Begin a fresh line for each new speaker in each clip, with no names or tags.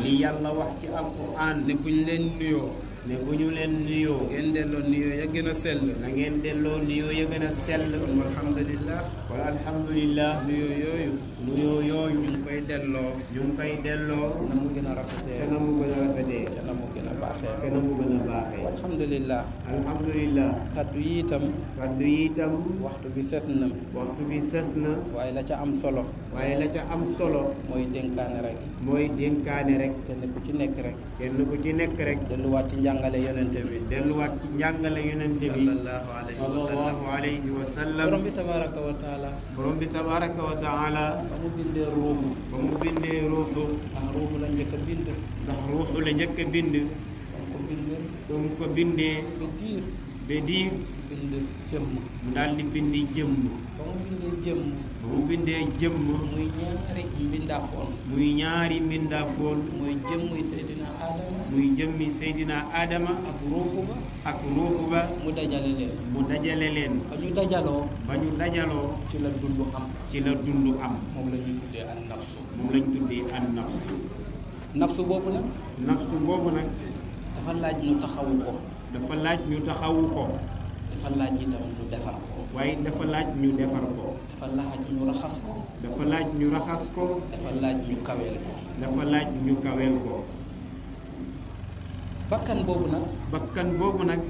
li yàlla wax ci alquran ne bu ñu leen nuyoo ne bu ñu leen nuyoo. ngeen delloo nuyoo ya gën a sell. na ngeen delloo nuyoo ya gën a sell. kon alhamdulilah. kon alhamdulilah. nuyoo yooyu. nuyoo yooyu ñu ngi koy delloo ñu ngi koy delloo na mu gën a rafetee te na mu gën a rafetee te na mu gën a baaxee te na mu gën a baaxee alhamdulilah alhamdulilah kaddu yi itam kaddu yi itam waxtu bi ses na waxtu bi ses na waaye la ca am solo waaye la ca am solo mooy dénkaane rek mooy dénkaane rek kenn ku ci nekk rek kenn ku ci nekk rek delluwaat ci njàngale yonente bi delluwaat ci njàngale yonente bi sallallahu alayhi wa sallam borom bi tabaraka wa taala borom bi tabaraka wa taala ba mu bindee ruuxu ba mu bindee ruuxu ndax ruuxu la njëkk bind ndax ruuxu la njëkk bind ba mu ko bindee ba bind jëmm mu daal bind jëmm ba mu bindee jëmm ba mu bindee jëmm muy ñaari mbindaafoon muy ñaari mbindaafoon muy jëmm muy jëmmi Seydina Adama ak ruuxu ba ak ruuxu ba mu dajale leen mu dajale leen ba ñu dajaloo ba ñu dajaloo ci la dund am ci la dund am moom la ñu tuddee nafsu la ñu tuddee an nafsu nafsu boobu nag nafsu boobu nag dafa laaj ñu taxawu ko dafa laaj ñu taxawu ko dafa laaj ñu tam ñu waaye dafa laaj ñu defar ko dafa laaj ñu raxas ko dafa laaj ñu raxas ko dafa laaj ñu kaweel ko dafa laaj ñu kaweel ko bakkan boobu nag. bakkan boobu nag.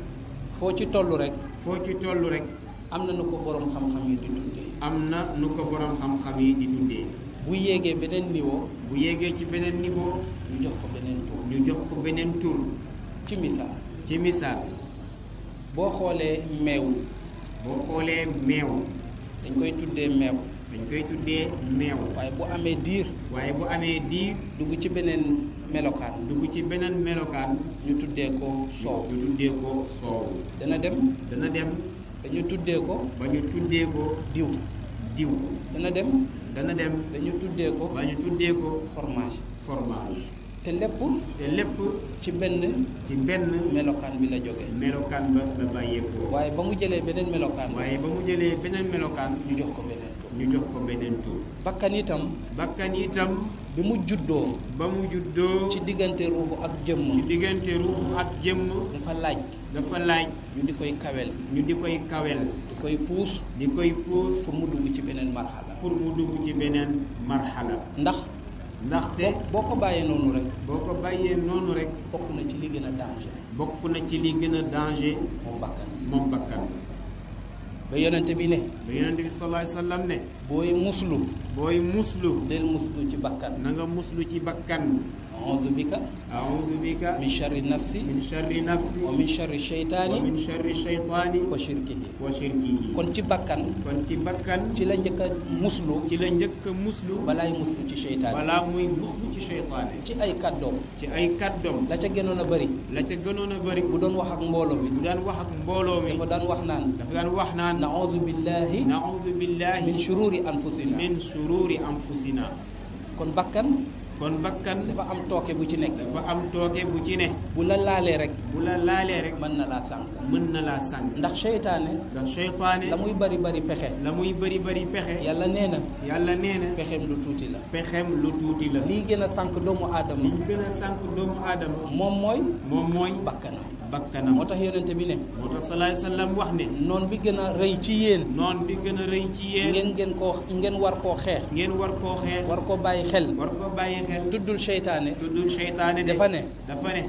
foo ci toll rek. foo ci tollu rek. am na nu ko borom xam-xam yi di dundee. am na nu ko borom xam-xam yi di dundee. bu yéegee beneen niveau. bu yéegee ci beneen niveau. ñu jox ko beneen tur. ñu jox ko beneen tur. ci misaal. ci misaal. boo xoolee meew. boo xoolee meew. dañ koy tuddee meew. dañ koy tuddee meew. waaye bu amee diir. waaye bu amee diir. dugg ci beneen melokaan. dugg ci beneen melokaan. ñu tuddee ko soow. ñu tuddee soow. dana dem. dana dem. dañu tuddee ko. ba ñu tuddee ko. diw. diw. dana dem. dana dem. dañu tuddee ko. ba ñu tuddee ko. fromage. fromage. te lépp. te lépp. ci benn. benn. melokaan bi la jógee. melokaan ba ba bàyyeekoo. waaye ba mu jëlee beneen melokaan. waaye ba mu jëlee beneen melokaan. ñu jox ko beneen. ñu jox ko beneen tur bakkan itam bakkan itam bi mu juddoo ba mu juddoo ci diggante ruuxu ak jëmm ci diggante ruuxu ak jëmm dafa laaj dafa laaj ñu di koy kawel ñu di koy kawel di koy puus di koy puus pour mu dugg ci beneen marxala pour mu dugg ci beneen marxala ndax ndaxte boo ko bàyyee noonu rek boo ko bàyyee noonu rek bokk na ci li gën a danger bokk na ci li gën a danger moom bakkan moom bakkan ba terbina. bi ne ba yonent bi sallallahu alayhi wasallam ne boy muslu boy muslu del muslu ci bakkan nga muslu ci bakkan أعوذ بك أعوذ بك من شر النفس من شر نفسي ومن شر الشيطان ومن شر الشيطان وشركه وشركه كون تي بكان كون تي بكان تي لا نجك مسلو تي لا نجك مسلو بلا مسلو تي شيطان بلا موي مسلو تي شيطان تي اي كادوم تي اي كادوم لا تا گنونا بري لا تا گنونا بري بو دون واخك ak mbolo دون واخك daan wax ak mbolo واخ نان دا wax naan dafa daan wax naan na'udhu billahi na'udhu billahi min shururi anfusina min shururi anfusina kon bakkan dafa am tooke bu ci nekk dafa am tooke bu ci ne bu la laalee rek bu la laalee rek mën na laa sànq mën na laa sànq ndax seytaane ndax seytaane la muy bari bari pexe la muy bari bari pexe yàlla nee na yàlla nee na pexem lu tuuti la pexem lu tuuti la lii gën a sànq doomu aadama lii gën a sànq doomu aadama moom mooy moom mooy bakkanam bakkanam moo tax yonente bi ne moo tax salaay wax ne noon bi gën a rëy ci yéen noon bi gën a rëy ci ngeen ngeen ko ngeen war koo xeex ngeen war koo war ko bàyyi xel war ko bàyyi xel tuddul seytaane tuddul dafa ne dafa ne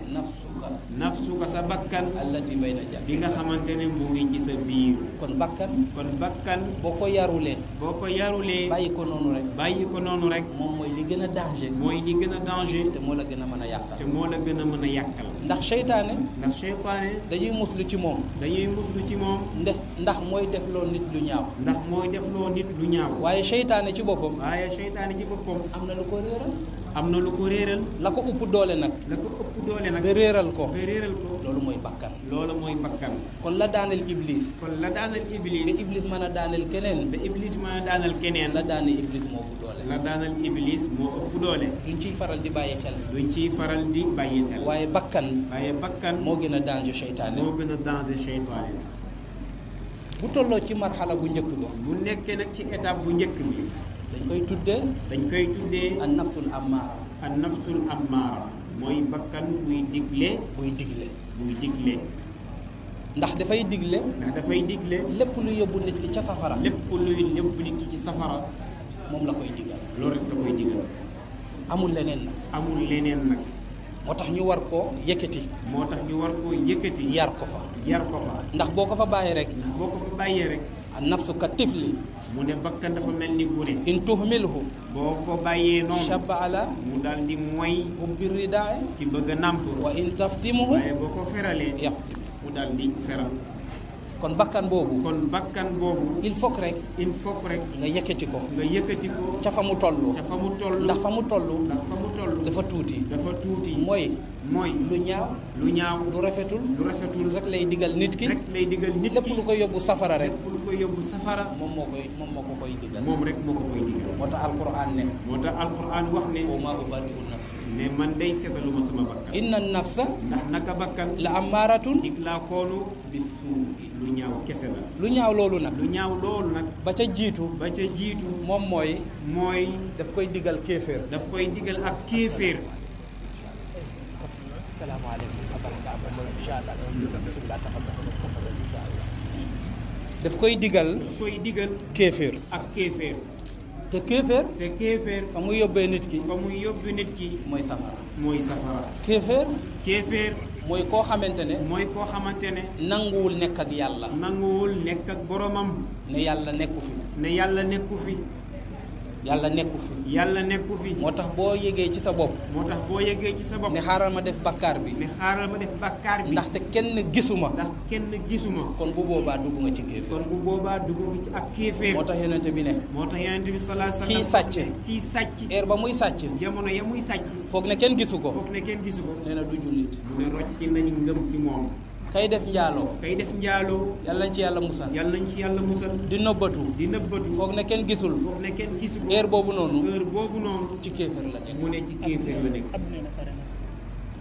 nafsuka sa bakkan allati bay na jàpp bi nga xamante ne mu ngi ci sa biir kon bakkan kon bakkan boo ko yarulee boo ko yarulee bàyyi ko noonu rek bàyyi ko noonu rek moom mooy li gën a danger mooy li gën a danger te moo la gën a mën a yàqal te moo la gën a mën a yàqal ndax seytaane ndax seytaane dañuy lu ci moom dañuy muslu ci moom ndax ndax mooy def loo nit lu ñaaw ndax mooy def loo nit lu ñaaw waaye seytaane ci boppam waaye seytaane ci boppam am na lu ko réeral am na lu ko réeral la ko upp doole nag la ko upp doole nag ba réeral ko ba réeral ko loolu mooy bakkan loolu mooy bakkan kon la daaneel iblis kon la daaneel iblis ba iblis mën a daaneel keneen ba iblis mën a daaneel keneen la daaneel iblis moo ko doole la daaneel iblis moo upp doole duñ ciy faral di bàyyi xel duñ ciy faral di bàyyi xel waaye bakkan waaye bakkan moo gën a danger seytaane moo gën a danger seytaane bu tolloo ci marxala bu njëkk ba bu nekkee nag ci étape bu njëkk bi dañ koy tuddee. dañ koy tuddee. an nafsul ammaara. an nafsul ammaara. mooy bakkan buy digle. buy digle. buy digle. ndax dafay digle. dafay digle. lépp lu yóbbu nit ki ca safara. lépp luy yóbbu nit ki ci safara. moom la koy digal. loolu rek la koy digal. amul leneen nag. amul leneen nag. moo tax ñu war ko yëkkati. moo tax ñu war koo yëkkati. yar ko fa. yar ko fa ndax boo ko fa bàyyee rek. boo ko fa bàyyee rek. an nafsu ka tifli mu ne bakkan dafa mel ni gune in tuhmilhu boo ko bàyyee noonu shabba ala mu daal di moy ubbi ridaay ci bëgg a nàmp wa in taftimuhu waaye boo ko feralee yaftim mu daal di feral kon bakkan boobu kon bakkan boobu il faut rek il faut rek nga yëkkati ko nga yëkkati ko ca fa mu toll fa mu toll ndax fa mu tollu ndax fa dafa tuuti dafa tuuti mooy mooy lu ñaaw lu ñaaw lu rafetul lu rafetul rek lay digal nit ki rek lay digal nit ki lépp lu koy yóbbu safara rek lépp safara moom moo koy moom moo ko koy digal rek moo moo tax alquran moo tax alquran wax ne wa maa ubarri'u nafsi man day seetalu ma sama bakkan inna nafsa ndax naka bakkan la am ik laa koonu bisuu'i lu ñaaw kese la lu ñaaw loolu nag lu ñaaw loolu nag ba ca jiitu ba ca jiitu moom mooy mooy daf koy digal kéeféer daf koy digal ak kéeféer السلام عليكم ورحمة koy digal daf koy digal kéeféer ak kéeféer te kéeféer fa muy yóbbee nit ki fa muy yóbbu nit ki mooy safara mooy safara kéeféer kéeféer mooy koo xamante ne mooy koo xamante ne nanguwul nekk ak yàlla nanguwul nekk ak boromam ne yàlla nekku fi ne yàlla nekku fi yàlla nekku fi yàlla nekku fi moo tax boo yëgee ci sa bopp moo tax boo yëgee ci sa bopp ne xaaral ma def bakkaar bi ne ma def bakkaar bi ndaxte kenn gisuma ndax kenn gisuma kon bu boobaa dugg nga ci kéeféer kon bu boobaa dugg nga ci ak kéeféer moo tax yonente bi ne moo tax yonente bi salaa salaam sàcc kii sàcc ba muy sàcc jamono ya muy sàcc foog ne kenn gisu ko foog kenn gisu ko nee du jullit mu ne rocc nañu ngëm ci moom kay def njaaloo kay def njaaloo yàlla nañ ci yàlla musal yàlla nañ ci yàlla musal di nëbbatu di nëbbatu foog na kenn gisul foog ne kenn gisul boobu noonu heure boobu noonu ci kéeféer la nekk ne ci kéeféer la nekk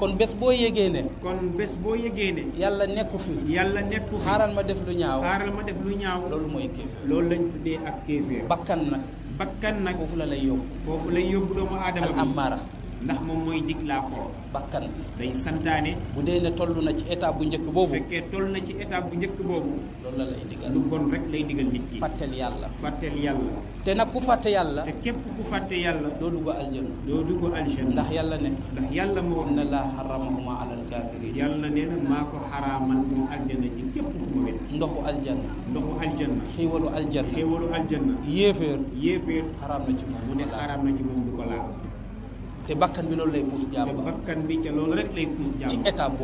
kon bés boo yégee ne kon bés boo yégee ne yàlla nekku fi yàlla nekku fi xaaral ma def lu ñaaw xaaral ma def lu ñaaw loolu mooy kéeféer loolu lañ tuddee ak kéeféer bakkan nag bakkan nag foofu la lay yóbbu foofu lay yóbbu doomu aadama am ammaara ndax moom mooy diglaa ko bakkan day santaane bu dee ne toll na ci étape bu njëkk boobu fekkee toll na ci étape bu njëkk boobu loolu lay digal lu bon rek lay digal nit ki fàttel yàlla fàttel yàlla te nag ku fàtte yàlla te képp ku fàtte yàlla doo dugg aljana doo dugg aljana ndax yàlla ne ndax yàlla moo inna laa xaramahuma alal kaafiriin yàlla nee na maa ko xaraamal moom aljana ci képp ku ma wet ndoxu aljana ndoxu aljana xéewalu aljana xéewalu aljana yéeféer yéeféer xaraam na ci moom mu ne xaraam na ci moom du ko laal te bakkan bi loolu lay puus jàmm te bakkan bi ca loolu rek lay puus jàmm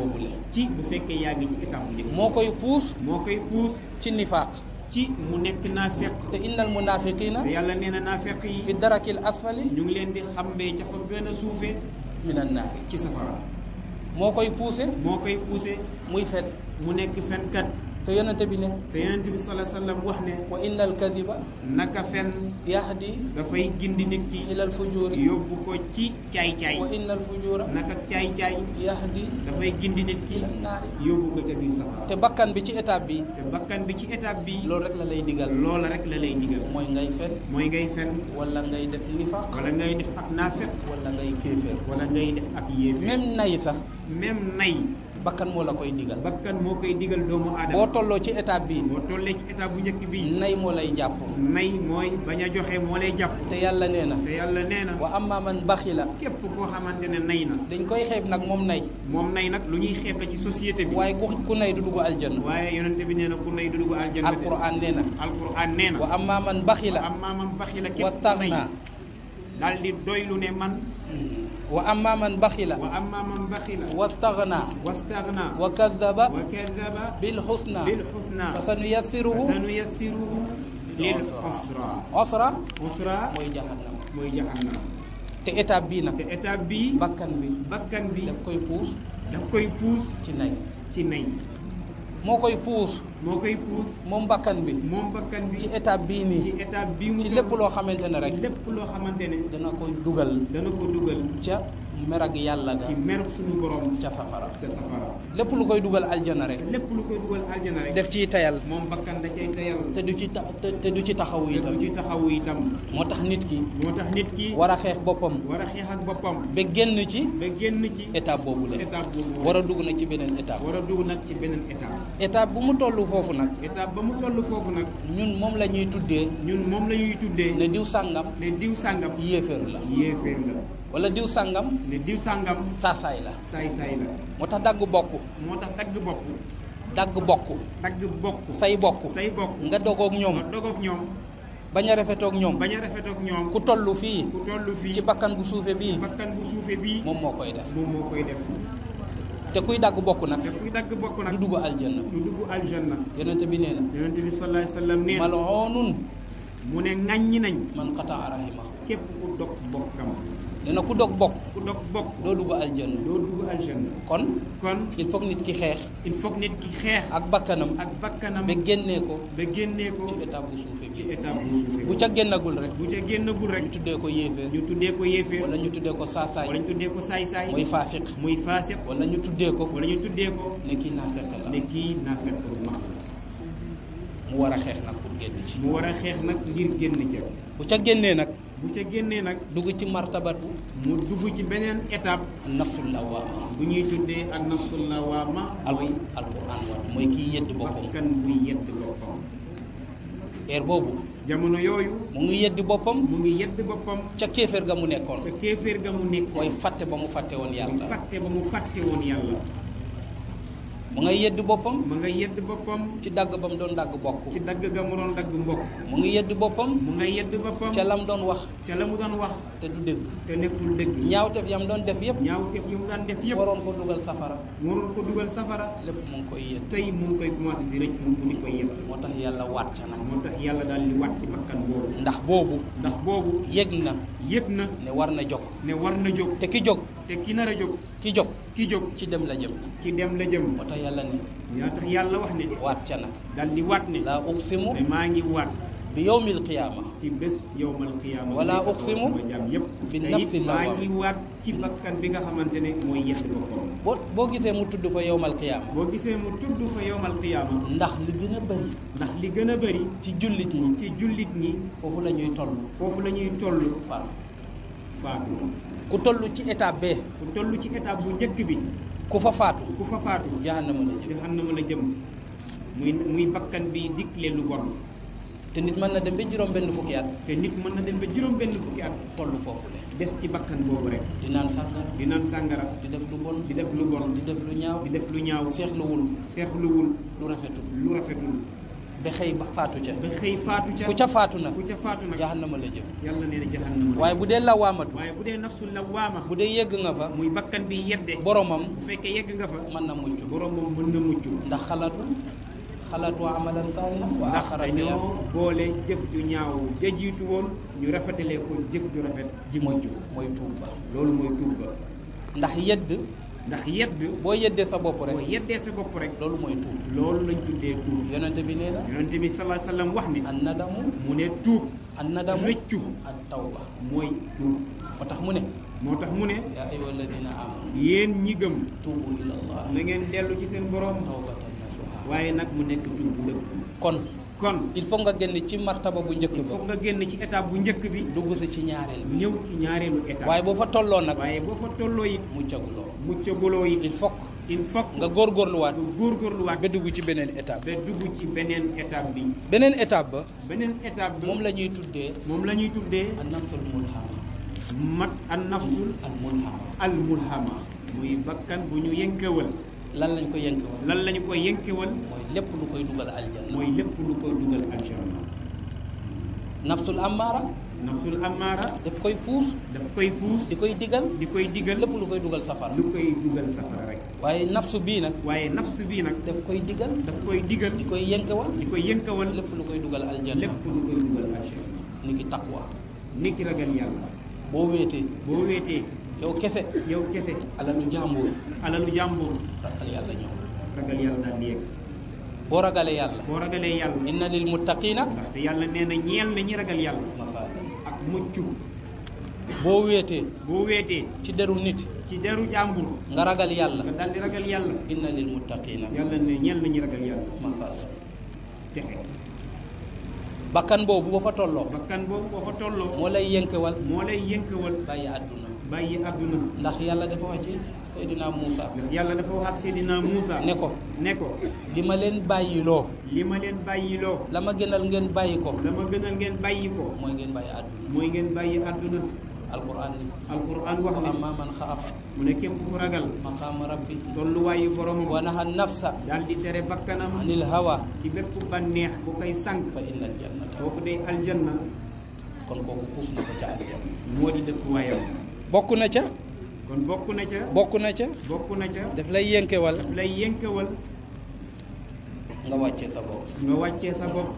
ci bu fekkee yaa ngi ci état bu moo koy puus. moo koy puus. ci nifaaq. ci mu nekk naafeq. te innal munaafiqiina. yàlla nee na naafeq yi. fi darakil asfali. ñu ngi leen di xàmbee ca fa gën a suufee. minan naar ci safara. moo koy puuse. moo koy puuse. muy fen. mu nekk fenkat. te yonente bi ne te yonente bi sala sallam wax ne wa inna al kadiba naka fen yahdi dafay gindi nit ki ila al fujuri yóbbu ko ci caay caay wa inna al fujura naka caay caay yahdi dafay gindi nit ki naari yóbbu ko ca biir safara te bakkan bi ci étape bi te bakkan bi ci étape bi loolu rek la lay digal loola rek la lay digal mooy ngay fen mooy ngay fen wala ngay def nifaq wala ngay def ak naafeq wala ngay kéefeer wala ngay def ak yéefeer même nay sax même nay bakkan moo la koy digal. bakkan moo koy digal doomu aadama. boo tolloo ci étape bi boo tollee ci étape bu njëkk bii. nay moo lay jàpp. nay mooy bañ a joxe moo lay jàpp. te yàlla nee na. te yàlla nee na. wa amma man baxi la. képp koo xamante ne nay na. dañ koy xeeb nag moom nay. moom nay nag lu ñuy xeeb la ci société bi. waaye ku ku nay du dugg aljanna. waaye yonente bi nee na ku nay du dugg aljanna. alquran nee na. alquran nee na. wa amma man baxi la. wa amma man baxi la képp ku nay daal doylu ne man. واما من بخل واما من بخل واستغنى واستغنى وكذب وكذب بالحسنى بالحسنى فسنيسره فسنيسره
للعسرى
عسرى عسرى موي جهنم موي جهنم تي ايتاب بي نك تي ايتاب بي بكان بي بكان بي داكوي بوس داكوي بوس تي ناي تي ناي moo koy puus. moo koy puus. moom bakkan bi. moom bakkan bi ci étape bii nii. ci étape bii mu ci lépp loo xamante ne rek. lépp loo xamante ne. dana ko dugal. dana ko dugal ca. mer ak yàlla ga ci mer suñu borom ca safara lépp lu koy dugal aljana rek lépp lu koy def ciy tayal moom bakkan da cay te du ci ta te du ci taxawu itam te du ci taxawu itam moo tax nit ki moo tax nit ki war a xeex boppam war a xeex ak boppam ba génn ci ba ci étape boobu la étape boobu war a dugg nag ci beneen étape war a nag ci beneen étape étape bu mu tollu foofu nag étape ba mu toll foofu nag ñun moom la ñuy tuddee ñun moom la ñuy tuddee ne diw sàngam ne diw sàngam yéeféer la yéeféer la wala diw sàngam ne diw sàngam saasaay la saay-saay la moo tax dagg bokk moo tax dagg bokk dagg bokk dagg bokk say bokk say bokk nga dogoog ñoom nga dogoog ñoom bañ a rafetoog ñoom bañ a rafetoog ñoom ku toll fii ku fii ci bakkan bu suufe bii bakkan bu suufe moom moo koy def moom koy def te kuy dagg bokk nag te dagg bokk nag du dugg aljanna du dugg aljanna yonente bi nee na yonente bi sallallahu alayhi wasallam maloonun mu ne ŋàññi nañ man xataa rahima képp ku dog bokkam dana ku dog bokk. ku dog bokk doo dugg aljanna. doo dugg aljanna. kon. kon il faut nit ki xeex. il faut nit xeex. ak bakkanam ak bakkanam. ba génnee ko. ba génnee ko ci état bu suufee bi. ci état bu ca génnagul rek. bu ca génnagul rek. tuddee ko yéeféer. ñu tuddee ko yéeféer. wala ñu tuddee ko saasaay. wala tuddee ko saay-saay. muy faafiq. muy faasiq. wala ñu tuddee ko. wala ñu tuddee ne kii naafeq la. ne kii naafeq la. mu war a xeex nag pour génn ci. war a xeex nag ngir génn ca. bu ca génnee nag. bu ca génnee nag. dugg ci martabatu. mu dugg ci beneen étape. nafsul lawaama. bu ñuy tuddee ak nafsul lawaama. al alquran wa mooy kiy yedd boppam. eer boobu. jamono yooyu. mu ngi yedd boppam. mu ngi yedd boppam. ca kéeféer ga mu nekkoon. ca kéeféer ga mu nekkoon. mooy fàtte ba mu fàtte woon yàlla. fàtte ba mu fàtte woon yàlla. mu ngay yedd boppam. mu ngay yedd boppam. ci dagg ba mu doon dagg bokk. ci dagg ga mu doon dagg mbokk. mu ngi yedd boppam. mu ngay yedd ca la mu doon wax. ca la mu doon wax. te du dëgg. te nekkul dëgg. ñaawteef ya mu doon def yëpp. ñaawteef ya mu daan def yëpp. waroon ko dugal safara. lépp mu ngi koy yedd. tey mu ngi koy commencé di rëcc mu ngi koy yedd. moo tax yàlla waat ca nag. moo tax yàlla daal di waat ci bakkan boobu. ndax boobu. ndax boobu. yëg na. yég na. ne war na jóg. ne war na jóg. te ki jóg te ki nar a jóg. ki jóg ki jóg ci dem la jëm. ci dem la jëm. moo tax yàlla ni. yaa yàlla wax ne. waat ca nag. dal di waat ne. laa uqsimu. mais maa ngi waat. bi yawmil qiyaama. ci bés yawmal qiyaama. wala uqsimu. bi nafsi lawwaama maa ngi waat ci bakkan bi nga xamante ne mooy yedd boo gisee mu tudd fa yow mal boo gisee mu tudd ndax li gën a bëri. ndax li gën a bëri. ci jullit ñi. ci jullit ñi. foofu la ñuy toll. foofu la ñuy toll. faatu ku toll ci étape bee ku tollu ci étape bu njëkk bi ku fa faatu ku fa faatu jahannama la jëm jahannama la jëm muy muy bakkan bi digle lu bon te nit mën na dem ba juróom benn fukki at te nit mën na dem ba juróom benn fukki at toll foofu le des ci bakkan boobu rek di naan sàngara di naan sàngara di def lu bon di def lu bon di def lu ñaaw di def lu ñaaw seexluwul seexluwul lu rafetul lu rafetul ba xëy faatu ca. ba xëy faatu ca ku ca faatu nag. ku ca faatu nag jahannama la jëm. yàlla nee na jahannama la waaye bu dee lawaamatu. waaye bu dee nafsu lawaama. bu dee yegg nga fa. muy bakkan bi yedde. boromam bu fekkee yegg nga fa. mën na mucc boromam mën na mucc. ndax xalaatu xalaatu amalan saalihan. wa axara fiya ndax dañoo boole jëf ju ñaaw ja jiitu woon ñu rafetalee ko jëf ju rafet. ji mucc mooy tuub ba loolu mooy tuub ba. ndax yedd. ndax yeddu boo yeddee sa bopp rek boo sa bopp rek loolu mooy tuub loolu lañ tuddee tuub yonente bi nee na yonente mi sallallahu alayhi wasallam wax ni an nadamu mu ne tuub an nadamu rëccu ak taw tawba mooy tuub fa tax mu ne moo tax mu ne yaa ayyuha dina am yéen ñi gëm tuubu ilallah na ngeen dellu ci seen borom tawbatan nasuha waaye nag mu nekk tuub bu kon kon il faut nga génn ci martaba bu njëkk ba. faut nga génn ci étape bu njëkk bi. dugg si ci ñaareel bi ñëw ci ñaareelu étape. waaye boo fa tolloo nag. waaye boo fa tolloo it. muccaguloo muccaguloo it il faut il faut nga góorgóorluwaat nga góorgóorluwaat ba dugg ci beneen étape. ba dugg ci beneen étape bi. beneen étape ba. beneen étape ba moom la ñuy tuddee. moom la ñuy tuddee. an nafsul mulhama. mat an nafsul. al mulhama al muy bakkan bu ñu yënkawal. lan lañ ko yënke woon lan ñu ko yënke woon mooy lépp lu koy dugal aljanna mooy lépp lu koy dugal aljanna nafsul ammaara nafsul ammaara daf koy puus daf koy puus di koy digal di koy digal lépp lu koy dugal safara lu koy dugal safara rek waaye nafsu bii nag waaye nafsu bii nag daf koy digal daf koy digal di koy yënkewal di koy yënkewal lépp lu koy dugal aljanna lépp lu koy dugal aljanna ni ki taqwa ni ki ragal yàlla boo wéetee boo wéetee yow kese. yow kese. alalu jàmbur. alalu jàmbur. ragal yàlla ñëw. ragal boo ragalee yàlla. boo ragalee yàlla. inna lil muttaqiina. ndaxte yàlla nee na ñeel na ñi ragal yàlla. ak mucc. boo weetee. boo ci deru nit. ci deru jàmbur. nga ragal yàlla. nga daal di yàlla. inna lil muttaqiina. yàlla ne ñeel na ñi ragal yàlla. texe. bakkan boobu boo fa tolloo. bakkan boobu boo fa tolloo. moo lay yënkewal. moo lay yënkewal. bàyyi àdduna. bàyyi àdduna ndax yàlla dafa wax ci seydina muusa yàlla dafa wax ak seydina muusa ne ko ne ko li ma leen bàyyiloo li ma leen bàyyiloo la ma gënal ngeen bàyyi ko la ma gënal ngeen bàyyi ko mooy ngeen bàyyi àdduna mooy ngeen bàyyi àdduna alquran alquran wax ne amma man xaafa mu ne képp ku ragal maqaama rabbi tollu waayu boromam wa naha nafsa daal di tere bakkanam anil hawa ci bépp bànneex bu koy sànq fa innal jannata kooku day aljanna kon kooku puus na ko ca aljanna moo di dëkkuwaayam bokk na ca. kon bokk na ca. bokk na ca. bokk na ca. daf lay yënkewal. daf lay yënkewal. nga wàccee sa bopp. nga wàccee sa bopp.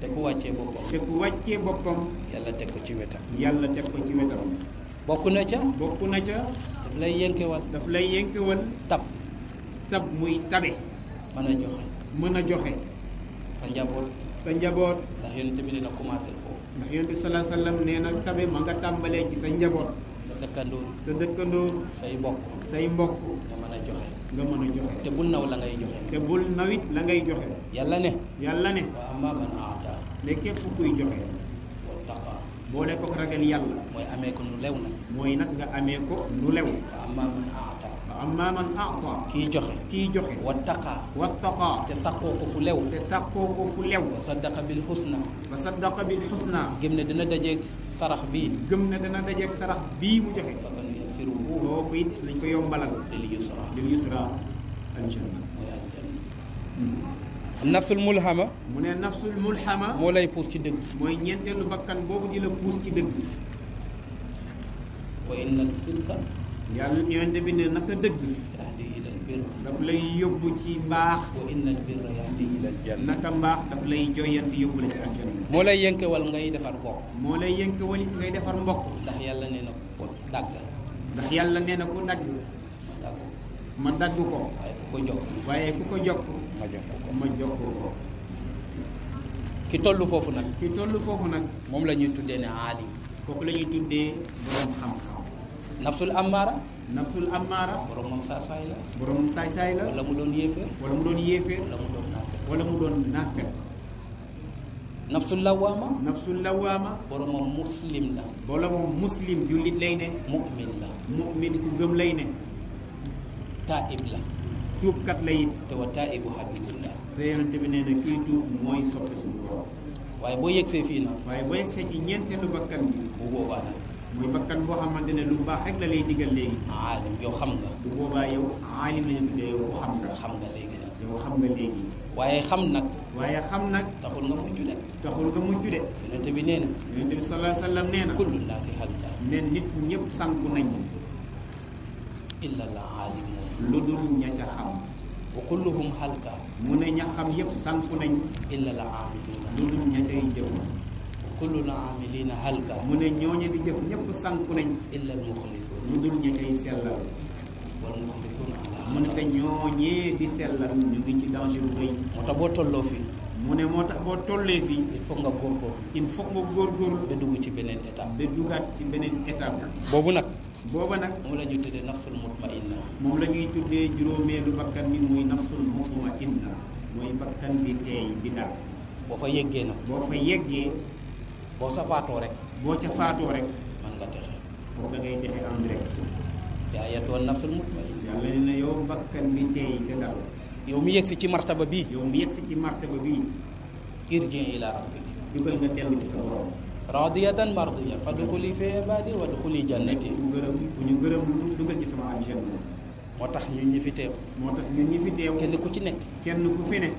te ku wàccee boppam. te ku wàccee boppam. yàlla teg ko ci wetam. yàlla teg ko ci wetam. bokk na ca. bokk na ca. daf lay yënkewal. daf lay yënkewal. tab. tab muy tabe. mën a joxe. mën a joxe. sa njaboot. sa njaboot. ndax yonent bi dina commencé foofu. ndax yonent sa la sallam nee na tabe ma nga tàmbalee ci sa njaboot. dëkkandoor sa dëkkandoor say bokk say mbokk nga mën a joxe nga mën a joxe te bul naw la ngay joxe te bul nawit la ngay joxe yàlla ne yàlla ne wa amma man aata ne képp kuy joxe wa taqa ko ragal yàlla mooy amee ko nu lew nag mooy nag nga amee ko nu lew wa amma man aata amma man a'ta ki joxe ki joxe wattaqa wattaqa te sakko ko fu lew te sakko ko fu lew saddaqa bil husna wa saddaqa bil husna gëm ne dana dajeek sarax bi gëm ne dana dajeek sarax bi mu joxe fasan yasiru ko ko it lañ ko yombalal lil yusra lil yusra al janna nafsul mulhama mu ne nafsul mulhama moo lay puus ci dëgg mooy ñeenteelu bakkan boobu di la puus ci dëgg wa innal sidqa yàlla yonent bi ne naka dëgg daf lay yóbbu ci mbaax wa inna albir yahdi ila aljanna naka mbaax daf lay joyant yóbbu la ci aljanna moo lay yënkewal ngay defar mbokk moo lay yënkewal ngay defar mbokk ndax yàlla nee ko dàgg ndax yàlla nee ko dàgg ma dagg ko ko ku ko ma ko ma ko ki tollu ki tollu ne borom xam-xam نفس الأمارة نفس الأمارة برومون ساي ساي لا برومون ساي ساي لا ولا مدون يفر ولا مدون يفر ولا مدون نافر ولا مدون نافر نفس اللوامة نفس اللوامة برومون مسلم لا برومون مسلم جلد لينه مؤمن لا مؤمن جم لينه تائب لا توب كات لين تو تائب حبيب الله تيان تبنينا كيتو موي سوبي واي بو يكسي فينا واي بو يكسي نينتلو بكال بو بو muy bakkan boo xamante ne lu baax rek la lay digal léegi. aalim yow xam nga. bu boobaa yow aalim la ñu tuddee yow xam nga. xam nga léegi nag. yow xam nga léegi. waaye xam nag. waaye xam nag. taxul nga mucc de. taxul nga mucc de. yonent bi nee na. yonent bi sallallahu alayhi nee na. kullu naasi halaka. nee nit ñëpp sànku nañ illa la aalimuna. lu dul ña ca xam. wa kulluhum halaka. mu ne ña xam yëpp sànku nañ illa la aalimuna. lu dul ña cay jëw. kulluna amilina halka mu ne ñooñu di jëf ñëpp sànku nañ illa al muxlisuun ñu dul ñu ngay sellal wal muxlisuun ala mu ne te ñooñee di sellal ñu ngi ci danger bu moo tax boo tolloo fii mu ne moo tax boo tollee fii il faut nga góorgóorlu il faut nga góorgóorlu ba dugg ci beneen étape ba duggaat ci beneen étape boobu nag booba nag moom la ñuy tuddee nafsul mutmainna moom la ñuy tuddee juróomeelu bakkan bi muy nafsul mutmainna mooy bakkan bi teey bi boo fa yeggee nag boo fa yeggee boo sa faatoo rek. boo ca faatoo rek. man nga texe. boobu da ngay texe en direct. yaa ayyatuhan nafsul na yow bakkan bi tey yow mi yegsi ci martaba bii. yow mi yegsi ci martaba bii. irji ila rabbik. dugal nga dellu ci sa borom. radiyatan mardiya fadxuli fi ibadi wadxuli jannati. bu gërëm bu ñu gërëm lu dugal ci sama aljanna. moo tax ñu ñu fi teew. moo tax ñun ñi fi teew. kenn ku ci nekk. kenn ku fi nekk.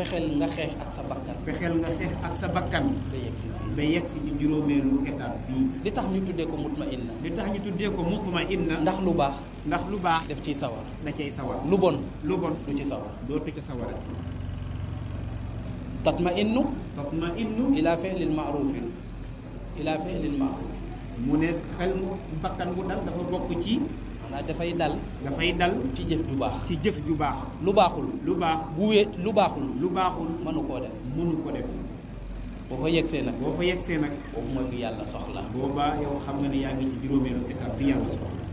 fexel nga xeex ak sa bakkan. fexel nga xeex ak sa bakkan. ba yegg si fii ba yegg si ci juróomeelu étape bii. li tax ñu tuddee ko mutma inna. li tax ñu tuddee ko mutma inna. ndax lu baax. ndax lu baax. def ci sawar. da cay sawar. lu bon. lu bon du ci sawar. dootu ci sawar. tatma innu. tatma innu. ila fi'lil ma'rufi ila fi'lil ma'rufi. mu ne xel mu bakkan bu dal dafa bokk ci. ndax dafay dal dafay dal ci jëf ju baax ci jëf ju baax lu baaxul lu baax bu wé lu baaxul lu baaxul mënu koo def mënu ko def boo fa yegsee nag boo fa yegsee nag boobu mooy bi yàlla soxla boobaa yow xam nga ne yaa ci juróomeelu étape bi yàlla soxla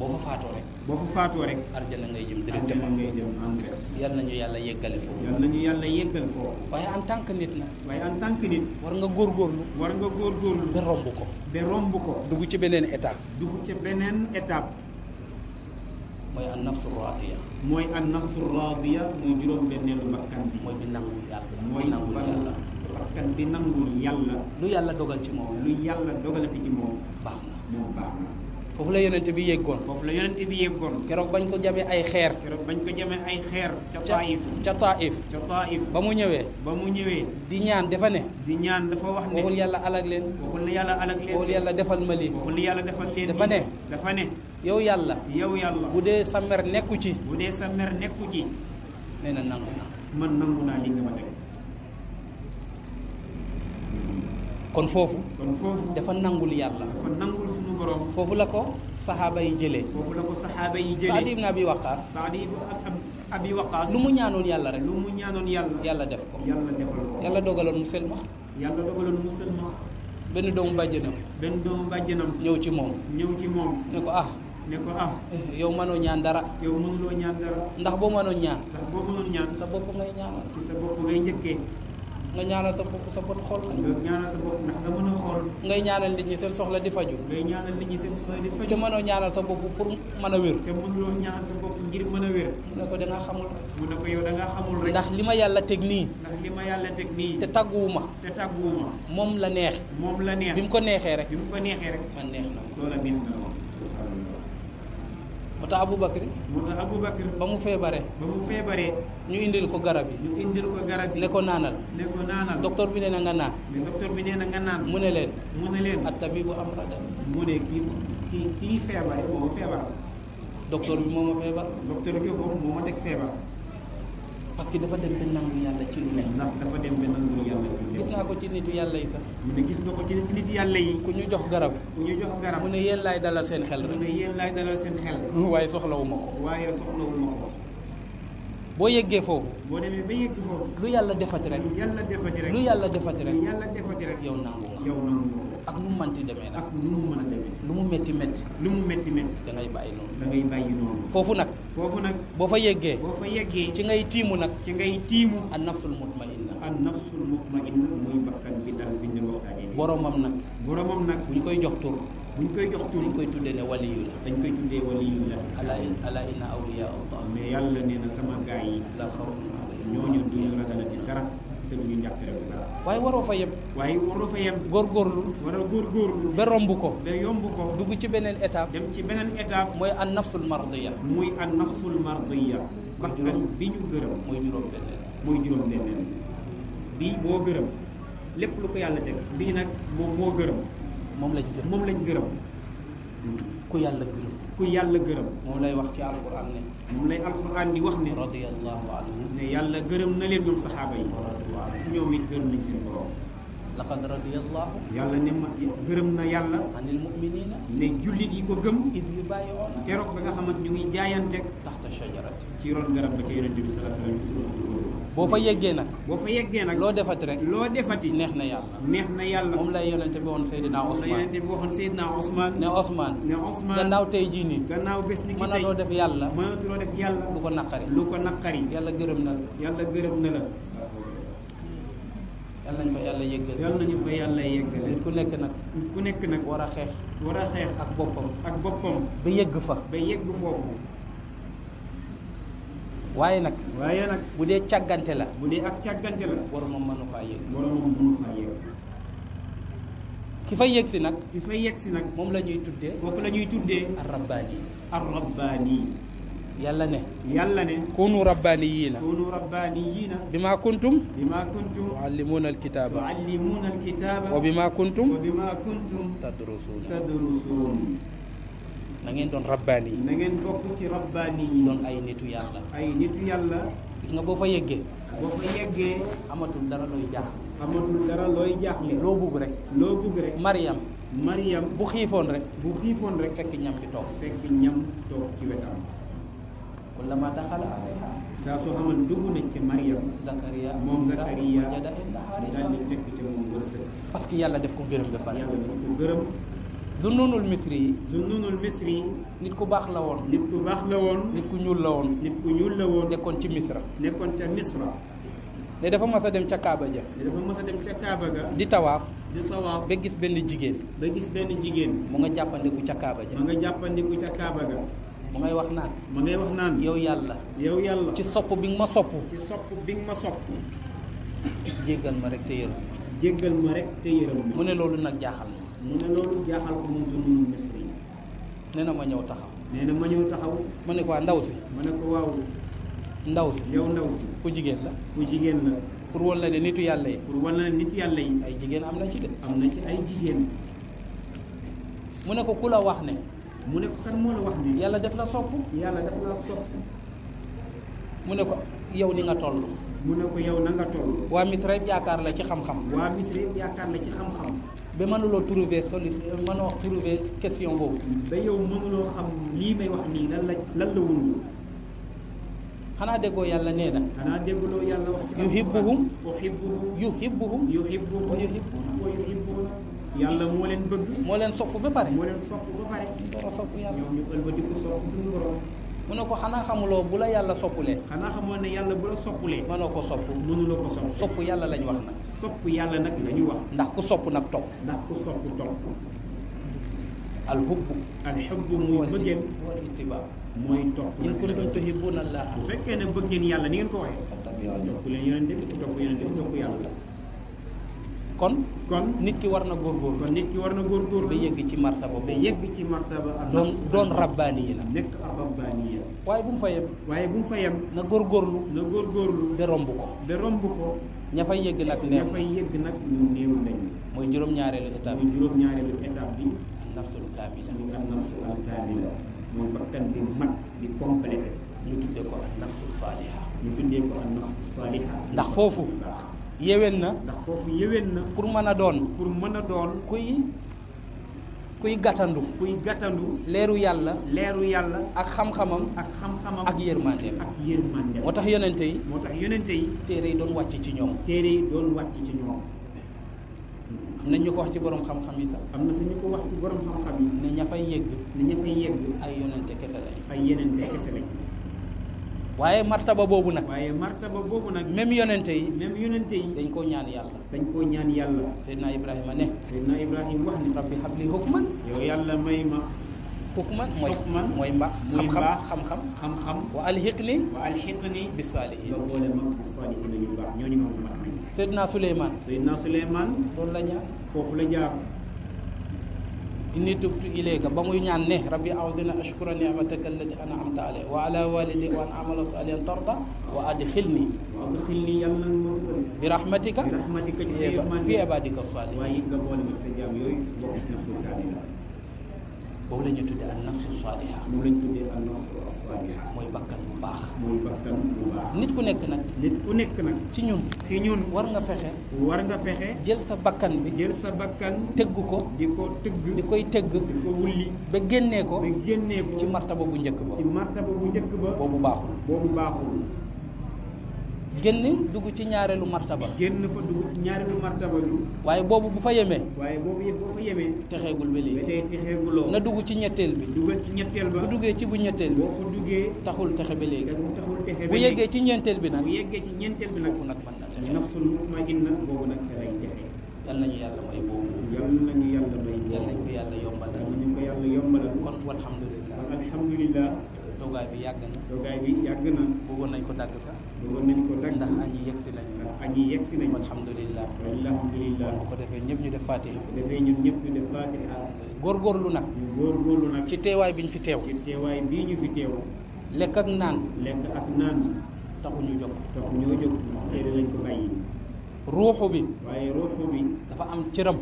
boo fa faatoo rek boo fa faatoo rek arjana ngay jëm direct arjana ngay jëm en direct yal nañu yàlla yeggale foofu yal nañu yàlla yeggal foofu waaye en tant que nit la waaye en tant que nit war nga góorgóorlu war nga góorgóorlu ba romb ko ba romb ko dugg ci beneen étape dugg ci beneen étape mooy an nafsu raadiya mooy an nafsu raadiya mooy juróom-benneelu bakkan bi mooy bi nangu yàlla mooy nangu yàlla bakkan bi nangul yàlla lu yàlla dogal ci moom lu yàlla dogalati ci moom baax na moom baax na foofu la yonente la yonente bi yeggoon keroog bañ ko jamee ay xeer keroog bañ ko jamee ay xeer ca taif ca taif ca ba mu ñëwee ba mu ñëwee di ñaan dafa ne di ñaan dafa wax ne waxul yàlla alag leen waxul yàlla alag leen waxul defal ma lii waxul yàlla defal leen dafa ne dafa ne. yow yàlla. yow yàlla bu dee sa mer nekku ci. bu dee sa mer ci. na nangu naa. naa li kon foofu. kon foofu dafa nangul yàlla. dafa nangul suñu borom. foofu la ko saxaaba yi jëlee. foofu la ko saxaaba yi jëlee. Saadi ibn Abi Waqaas. Saadi ibn Abi Waqaas. lu mu ñaanoon yàlla rek. lu mu ñaanoon yàlla. yàlla def ko. yàlla defal benn doomu bàjjenam. benn doomu bàjjenam. ñëw ci moom. ñëw ci moom. ne ko ah. ne ko ah. yow mënoo ñaan dara. yow mënuloo ñaan dara. ndax boo mënoon ñaan. ndax boo mënoon ñaan. sa bopp ngay ci sa bopp ngay njëkkee. nga ñaanal sa bopp sa bët xool. nga ñaanal sa bopp ndax nga mën a xool. ngay ñaanal nit seen soxla di faju ngay ñaanal nit ñi seen soxla di faju te mënoo ñaanal sa bopp pour mën a wér. te mënuloo ñaanal sa bopp ngir mën a wér. mu ne ko da xamul. mu ne ko yow da ngaa xamul ndax li ma yàlla teg nii. ndax ma yàlla teg nii. te tàgguwuma. te tàgguwuma. moom la neex. moom la neex bi mu ko neexee rek. ma neexee rek. man neex na loola moo tax Aboubacry. moo tax Aboubacry. ba mu feebaree. ba mu feebaree. ñu indil ko garab yi. ñu indil ko garab yi. ne ko naanal. ne ko docteur bi nee na nga naan. mais docteur na nga naan. mu ne leen. mu ne leen at tabibu amrada. mu ne kii kii kii feebaree moo feebar. docteur bi moo ma feebar. docteur bi moom moo ma teg feebar. parce que dafa dem ba nangu yàlla ci lu ne. dafa dem ba gis naa ko ci nitu yàlla yi sax. gis na ko ci nit yàlla yi. ku ñu jox garab. ñu jox garab mu ne yéen laay dalal seen xel rek. mu yéen laay dalal seen xel. waaye soxlawu ma ko. waaye soxlawu ma boo yeggee foofu. boo demee ba yegg foofu. lu yàlla defati rek. lu yàlla defati rek. lu yàlla defati rek. lu yàlla defati rek. yow nangu ko yow ak mu mënti demee nag. ak nu lu mu metti métti. lu mu métti métti. da ngay bàyyi noonu. da bàyyi noonu. foofu nag foofu nag boo fa yeggee boo fa yeggee ci ngay tiimu nag ci ngay tiimu an nafsul mutmainna an nafsul mutmainna muy bakkan bi dal bi ñu waxtaanee boromam nag boromam nag bu ñu koy jox tur buñ koy jox tur ñu koy tuddee ne waliyu la dañ koy tuddee waliyu la ala in ala inna awliya allah mais yàlla nee na sama gaa yi la xaw ñooñu duñu ragalati dara te mu ngi njàppale bu baax waaye waroo fa yem waaye waroo fa yem góorgóorlu war a góorgóorlu ba romb ko ba yomb ko dugg ci beneen étape dem ci beneen étape mooy an nafsul mardiya muy an nafsul mardiya bakkan bi ñu gërëm mooy juróom benneen mooy juróom benneen bi moo gërëm lépp lu ko yàlla teg bii nag moom moo gërëm moom lañ gërëm moom lañ gërëm ku yàlla gërëm ku yàlla gërëm moom lay wax ci alquran ne moom lay alquran di wax ne radiallahu anhu ne yàlla gërëm na leen ñoom saxaaba yi ñoom it gërëm nañ seen borom laqad radiyallahu yàlla ne ma gërëm na yàlla anil mu'minina ne jullit yi ko gëm is yu bàyyi woon keroog ba nga xamante ñu ngi jaayante taxta shajarati ci ron garab ba ca yonente bi sallallahu alayhi wa sallam boo fa yeggee nag boo fa yeggee nag loo defati rek loo defati neex na yàlla neex na yàlla moom la yonente bi woon Seydina Ousmane la bi waxoon Seydina Ousmane ne Ousmane ne Ousmane gannaaw tey jii nii gannaaw bés ni ki tey mënatoo def yàlla mënatuloo def yàlla lu ko naqari lu ko naqari yàlla gërëm na yàlla gërëm na la yal nañu fa yàlla yëggal yal nañu fa yàlla ku nekk nag nit ku nekk nag war a xeex war a xeex ak boppam ak boppam ba yëgg fa ba yëgg foofu waaye nag waaye nag bu dee càggante la mu dee ak càggante la war moom mënu faa yëg war ki fay yëg si nag ki fay yëg si nag moom la ñuy tuddee kooku la ñuy tuddee ar rabbaani ar rabbaani yàlla ne yàlla ne kunu rabbaaniyiina kunu rabbaaniyiina bimaa kuntum bimaa kuntum tuallimuuna alkitaaba tuallimuuna alkitaaba wa bimaa kuntum wa bimaa kuntum tadrusuuna tadrusuun na ngeen doon rabbaani yi na ngeen bokk ci rabbaani yi doon ay nitu yàlla yàlla nga boo fa yeggee boo fa yeggee amatul dara looy jaaxle amatul dara looy jaaxle loo bugg rek loo bugg rek Mariam Mariam bu xiifoon rek bu xiifoon rek fekk ñam bi toog ci wetam kullama dakhala alayha saa soo xamal dugg na ci Mariam Zakaria moom Zakaria wajada inda Harisa daal di fekk ca moom parce que yàlla def ko gërëm ba pare yàlla def ko gërëm yi Zunnunul nit ku baax la woon nit ku baax la woon nit ku ñuul la woon nit ku ñuul la woon nekkoon ci Misra nekkoon ca Misra ne dafa mas a dem ca Kaaba ja ne dafa mas a dem ca Kaaba ga di tawaaf di tawaaf ba gis benn jigéen ba gis benn jigéen mu nga jàppandiku ca Kaaba ja mu nga jàppandiku ca Kaaba ga mu ngay wax naan mu ngay wax naan yow yàlla yow yàlla ci sopp bi nga ma sopp ci sopp bi nga ma sopp jéggal ma rek te yërëm ma rek te ma mu ne loolu nag jaaxal na mu ne loolu jaaxal ko moom sunu ministre yi nee na ma ñëw taxaw nee na ma ñëw taxaw ma ne ko waa ndaw si ma ne ko waaw ndaw si yow ndaw si ku jigéen la ku jigéen la pour wan la ne nitu yàlla pour wan la ne yàlla yi ay jigéen am na ci de am na ci ay jigéen mu ne ko ku la wax ne mu ne ko kan moo la wax lii yàlla def la sopp yàlla def la sopp mu ne ko yow ni nga toll mu ne ko yow na nga toll waa misra yëpp yaakaar la ci xam-xam waa misra yëpp yaakaar la ci xam-xam ba mënuloo trouver solution mënoo trouver question boobu ba yow mënuloo xam lii may wax nii lan la lan la wundu xanaa déggoo yàlla nee na xanaa dégguloo yàlla wax ci yuhibbuhum yuhibbuhum yuhibbuhum yuhibbuhum wa yuhibbuhum yàlla moo leen bëgg. moo leen sopp ba pare. moo leen sopp ba pare. door a ko xanaa xamuloo bu la yàlla soppulee. xanaa xamuloo ne yàlla bu la soppulee. mënoo ko sopp mënuloo ko sopp. sopp yàlla lañu wax nag. sopp yàlla nag la ñu wax. ndax ku sopp nag topp. ndax ku sopp topp. alxubbu. alxubbu muy bëggeen. wal ittibaa mooy topp nag. in kuntum tuhibbuuna llaaha. ni ngeen ko waxee. topp leen yonent bi topp yonent bi topp yàlla. kon. kon nit ki war na góorgóorlu. kon nit ki war na góorgóorlu. ba yegg ci martaba ba yegg ci martaba ak. doon doon rabbaani yi la. nekk ab rabbaani yi waaye bu mu fa yem. waaye bu mu fa yem. na góor na góorgóorlu. de romb ko. de romb ko. ña fay yegg nag néew. ña fay yegg nag néew nañ. mooy juróom-ñaareelu étape bi. mooy juróom-ñaareelu étape bi. nafsul kaamila. ñu ngi am nafsul kaamila. mooy bakkan bi mat di complété. ñu tuddee ko ak nafsu saaliha. ñu tuddee ko ak nafsu ndax foofu. yéwén na foofu yéwén na pour mën a doon pour mën a doon kuy kuy gàttandu kuy gàttandu leeru yàlla leeru yàlla ak xam-xamam ak xam-xamam ak yërmandeem ak yërmandeem moo tax yonente yi moo tax yonente yi téere yi doon wàcc ci ñoom téere yi doon wàcc ci ñoom am ñu ko wax ci boroom xam-xam yi sax am na sa ñu ko wax ci borom xam-xam yi ne ña fay yëgg ne ña fay ay yonente kese ay yonente kese waye martaba bobu nak waye martaba bobu nak même yonente yi. même yonente yi. dañ ko ñaan yàlla. dañ ko ñaan yàlla. Seydina Ibrahima ne. Seydina ibrahim wax ni rabbi habli hukman. yow yàlla may ma. hukman moy hukman mooy mbaax. xam-xam xam-xam xam-xam. wa alhiqni. wa alhiqni. bis salihin yow boole ma bis salihin ñu baax ñooñu ma ko mat. Seydina Souleymane. Seydina Souleymane. loolu la ñaan. fofu la jaar. إني تبت إليك بمو ينعن نه ربي أعوذنا أشكر نعمتك التي أنعمت عليه وعلى والدي وأن أعمل صالحا ترضى وأدخلني وأدخلني برحمتك برحمتك في عبادك الصالحين boobu la ñuy tuddee ak nafsu moom la ñuy tuddee ak mooy bakkan bu baax. mooy nit ku nekk nag. nit ku nekk nag. ci ñun. ci ñun war nga fexe. war nga fexe. jël sa bakkan bi. jël sa bakkan. tëgg ko. di ko tëgg. di koy tëgg. di ko wulli. ba génnee ko. ba ci martaba bu njëkk ba. ci martaba bu njëkk ba. boobu baaxul. boobu baaxul. génn dugg ci ñaareelu martaba génn ko dugg ci ñaareelu martaba du waaye boobu bu fa yemee waaye boobu yëpp boo fa yemee texeegul ba léegi tey texeeguloo na dugg ci ñetteel bi dugal ci ñetteel ba bu duggee ci bu ñetteel bi boo fa duggee taxul texe ba léegi taxul texe bu yeggee ci ñeenteel bi nag bu yeggee ci ñeenteel bi nag fu nag man na texe ma mutmainna boobu nag ca lay texe yal nañu yàlla may boobu yal nañu yàlla may yal nañ ko yàlla yombalal yal nañ ko yàlla yombalal kon alhamdulillah alhamdulillah dogaay bi yàgg na. dogaay bi yàgg na. bëggoon nañ ko dagg sax. ko dagg ndax añi yegg si nañu. ndax añi yegg si nañu. alhamdulilah. alhamdulilah bu ko defee ñëpp ñu def fatiha. defee ñun ñëpp ñu def fatiha. góorgóorlu nag. góorgóorlu nag. ci teewaay bi ñu fi teew. ci teewaay bii ñu fi teew. lekk ak naan. lekk ak naan. taxu ñu jóg. taxu ñoo jóg. teel lañ ko bàyyi. ruuxu bi. waaye ruuxu bi. dafa am cëram.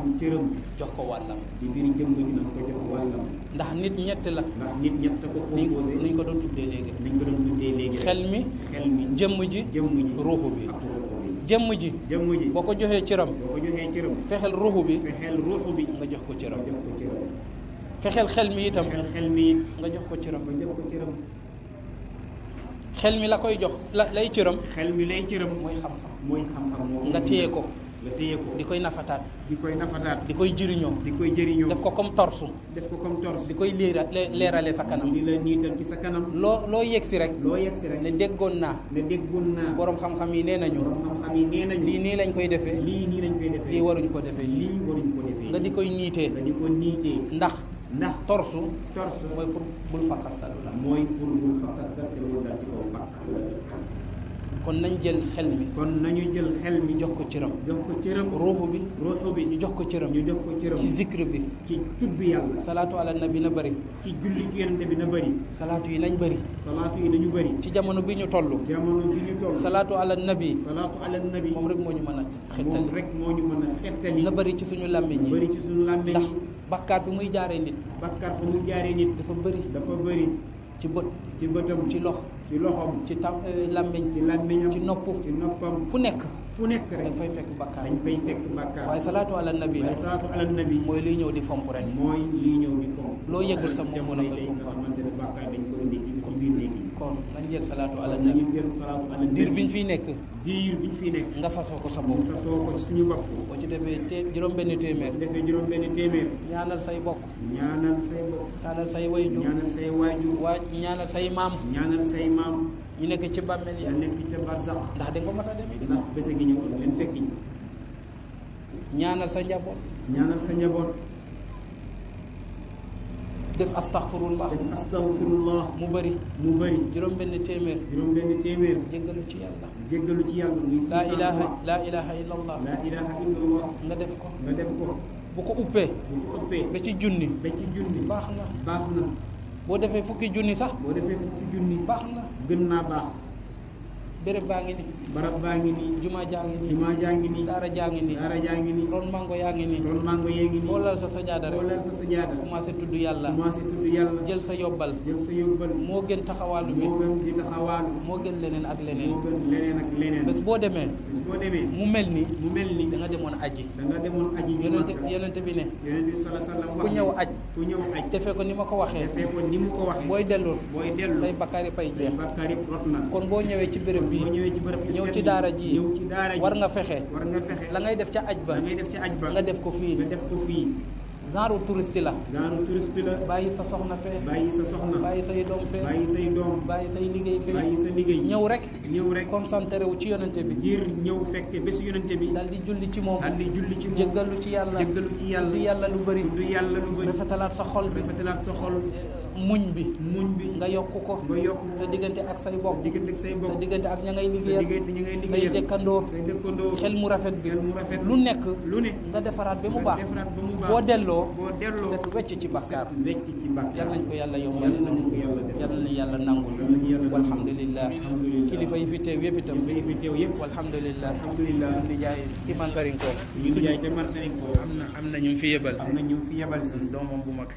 am cëram jox ko wàllam di biri jëmm ji dañ ko jox wàllam ndax nit ñett la ndax nit ñett ko composé niñ ko doon tuddee léegi niñ ko doon tuddee léegi xel mi xel mi jëmm ji jëmm ji ruuxu bi jëmm ji jëmm ji boo ko joxee cëram boo ko joxee cëram fexeel ruuxu bi fexeel ruuxu bi nga jox ko cëram jox ko xel mi itam xel mi nga jox ko cëram nga jox ko cëram xel mi la koy jox la lay cëram xel mi lay cëram mooy xam-xam mooy xam-xam nga téye ko nga téye di koy nafataat di koy nafataat di koy jëriñoo di koy jëriñoo def ko comme torsu def ko comme di koy leera leerale sa kanam di la niital ci sa kanam loo loo yegg si rek loo yegg si rek ne déggoon naa ne déggoon naa borom xam-xam yi nee nañu borom xam-xam yi nee nañu lii nii lañ koy defee lii nii lañ koy defee lii waruñ ko defee lii waruñ ko defee nga di koy niitee nga di ko niitee ndax ndax torsu torsu mooy pour bul fakkastal la mooy pour bul fakkastal te bul dal ci kaw pakk kon nañ jël xel mi kon nañu jël xel mi jox ko cëram jox ko cëram ruuxu bi ruuxu ñu jox ko cëram ñu jox ko cëram ci zikr bi ci tudd yàlla salaatu ala nabi na bëri ci julli ci bi na bëri salaatu yi nañ bëri salaatu yi nañu bëri ci jamono bi ñu toll jamono bi ñu toll salaatu ala nabi salaatu ala moom rek moo ñu mën a xettali moom rek moo ñu mën a xettali na bari ci suñu làmmiñ yi bëri ci suñu làmmiñ ndax bakkaar fi muy jaaree nit bakkaar fi muy jaare nit dafa bëri dafa bëri ci bët ci bëtam ci lox ci loxoom ci tam euh, làmmiñ ci làmmiñam ci nopp ci noppam fu nekk fu nekk rek dañ fay fekk bakkaar dañ fay fekk bakkaar waaye salaatu ala nabi la salaatu ala mooy liy ñëw di fomp rek mooy liy ñëw loo yëgul sax moom mën a koy nekkoon nañ jël salaatu ala nabi nañ jël salaatu ala nabi diir biñ fiy nekk diir biñ fiy nekk nga fasoo ko sa bopp fasoo ko suñu bopp boo ci defee té juróom benn téeméer defee juróom benn téeméer ñaanal say bokk ñaanal say bokk ñaanal say wayju ñaanal say waaju waa ñaanal say maam ñaanal say maam ñu nekk ci bàmmeel ya nekk ci barsax ndax da nga ko mat a demee ndax bés gi ñëw leen fekk ñaanal sa njaboot ñaanal sa njaboot def astaghfirullah def astaghfirullah mu bëri mu bëri juróom benn téeméer juróom benn téeméer jéggalu ci yàlla jéggalu ci yàlla muy la ilaha la ilaha illallah la ilaha illallah nga def ko nga def ko bu ko uppee uppee ba ci junni ba ci junni baax na baax na boo defee fukki junni sax boo defee fukki junni baax na gën naa baax béréb baa ngi nii. barab baa ngi nii. juma jaa ngi nii. juma jaa ngi nii. daara jaa ngi nii. jaa ngi nii. ron mango yaa ngi nii. ron mango yaa ngi nii. xoolal sa sajaada rek. xoolal sa sajaada. commencé tudd yàlla. commencé tudd yàlla. jël sa yobbal. jël sa yobbal. moo gën taxawaalu bi. moo gën moo gën leneen ak leneen. moo gën leneen boo demee. bés boo demee. mu mel ni. mu mel ni da nga demoon aji. da nga demoon aji. yonente yonente bi ne. yonente bi ku ñëw aj. ku ñëw aj. defee ko ni ma ko waxee. defee mu ko waxee. booy dellu. booy say bakkaari pay jeex. say kon boo ñëwee ci béréb bii ñëw ci daara ji war nga fexe la ngay def ca aj ba nga def ko fii genre touriste la. genre bàyyi sa soxna fee. bàyyi sa soxna. bàyyi say doom fee. bàyyi say doom. bàyyi say liggéey fee. bàyyi sa liggéey. ñëw rek. ñëw rek concentré wu ci yonente bi. ngir ñëw fekk bés yonente bi. dal di julli ci moom. dal di julli ci moom jéggalu ci yàlla. jéggalu ci yàlla. du yàlla lu yàlla lu bari rafetalaat sa xol sa xol. muñ bi. muñ nga yokk ko. nga yokk sa diggante ak say bokk. diggante ak say bokk. sa diggante ak ña ngay liggéeyal. sa diggante ña ngay liggéeyal. say dëkkandoo. say dëkkandoo. xel mu rafet bi. xel mu lu nekk. lu ne nga defaraat ba mu baax. boo delloo delloo boo delloo set wecc ci bàkkaar wecc ci bàkkaar yal nañ ko yàlla yombal yal nañ ko yàlla def yal na yàlla nangul walhamdulillah kilifa yi fi teew yëpp itam yi fi teew yëpp walhamdulillah alhamdulillah di na am na ñu fi yebal am na ñu fi yebal si doomam bu mag